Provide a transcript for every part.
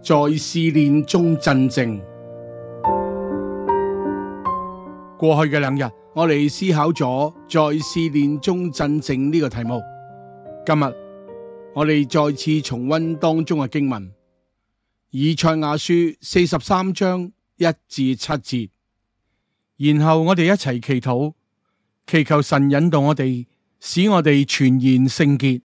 在試煉中鎮靜。正正過去嘅兩日，我哋思考咗在試煉中鎮靜呢個題目。今日我哋再次重溫當中嘅經文，以賽亞書四十三章一至七節，然後我哋一齊祈禱，祈求神引導我哋，使我哋全然聖潔。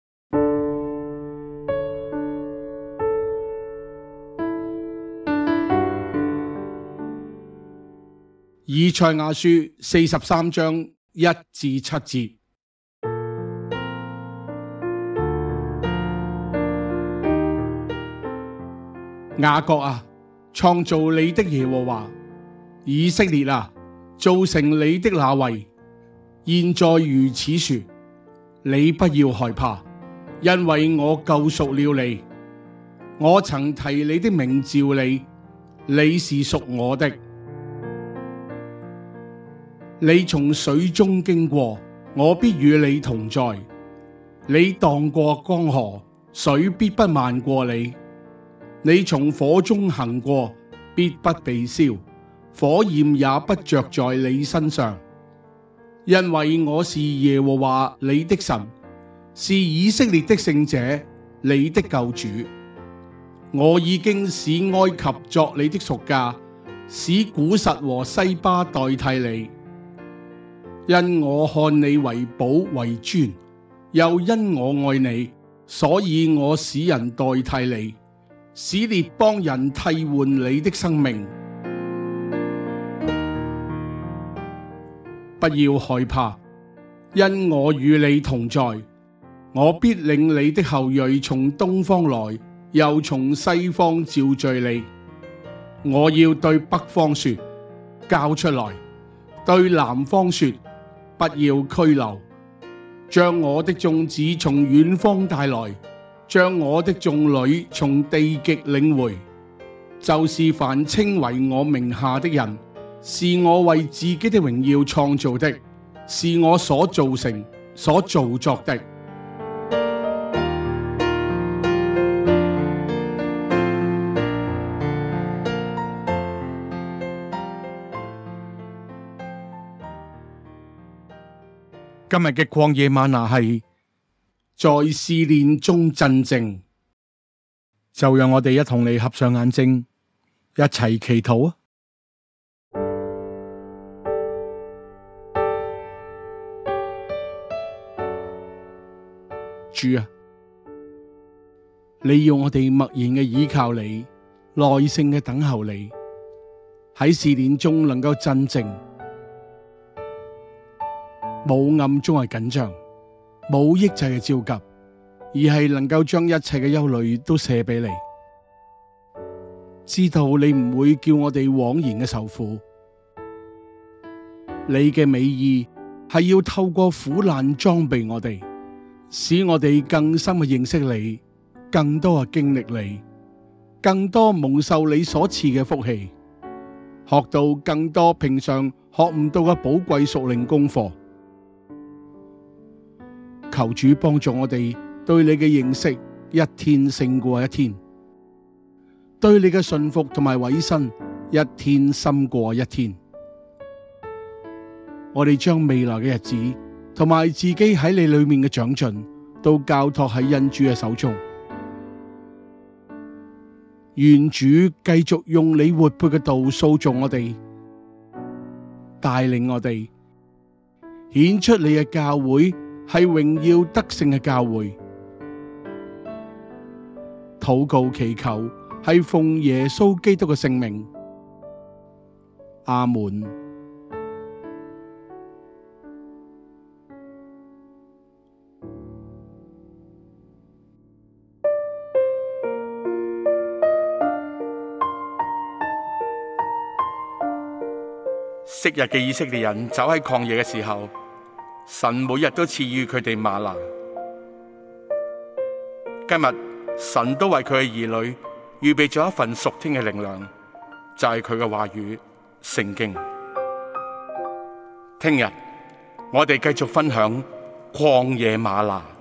以賽亞書四十三章一至七節：雅各啊，創造你的耶和華；以色列啊，造成你的那位，現在如此說：你不要害怕，因為我救贖了你，我曾提你的名召你，你是屬我的。你從水中經過，我必與你同在；你趟過江河，水必不漫過你。你從火中行過，必不被燒，火焰也不着在你身上，因為我是耶和華你的神，是以色列的聖者，你的救主。我已經使埃及作你的贖價，使古實和西巴代替你。因我看你為寶為尊，又因我愛你，所以我使人代替你，使列邦人替換你的生命。 不要害怕，因我與你同在，我必領你的後裔從東方來，又從西方召聚你。我要對北方說：交出來；對南方說：不要拘留，將我的眾子從遠方帶來，將我的眾女從地極領回。就是凡稱為我名下的人，是我為自己的榮耀創造的，是我所做成、所造作的。今日嘅曠野嗎哪係在試煉中鎮靜，就讓我哋一同你合上眼睛，一齊祈禱啊！主啊，你要我哋默然嘅依靠你，耐性嘅等候你，喺試煉中能夠鎮靜。冇暗中係緊張，冇抑制嘅焦急，而係能夠將一切嘅憂慮都卸俾你，知道你唔會叫我哋枉然嘅受苦。你嘅美意係要透過苦難裝備我哋，使我哋更深嘅認識你，更多去經歷你，更多蒙受你所賜嘅福氣，學到更多平常學唔到嘅寶貴屬靈功課。求主幫助我哋對你嘅認識一天勝過一天，對你嘅信服同埋委身一天深過一天。我哋將未來嘅日子同埋自己喺你裏面嘅長進都交託喺恩主嘅手中，願主繼續用你活潑嘅道塑造我哋，帶領我哋顯出你嘅教會。係榮耀得勝嘅教會，禱告祈求係奉耶穌基督嘅聖名。阿門。昔日嘅以色列人走喺曠野嘅時候，神每日都賜予佢哋嗎哪，今日神都為佢嘅兒女預備咗一份屬天嘅靈糧，就係佢嘅話語聖經。聽日我哋繼續分享曠野嗎哪。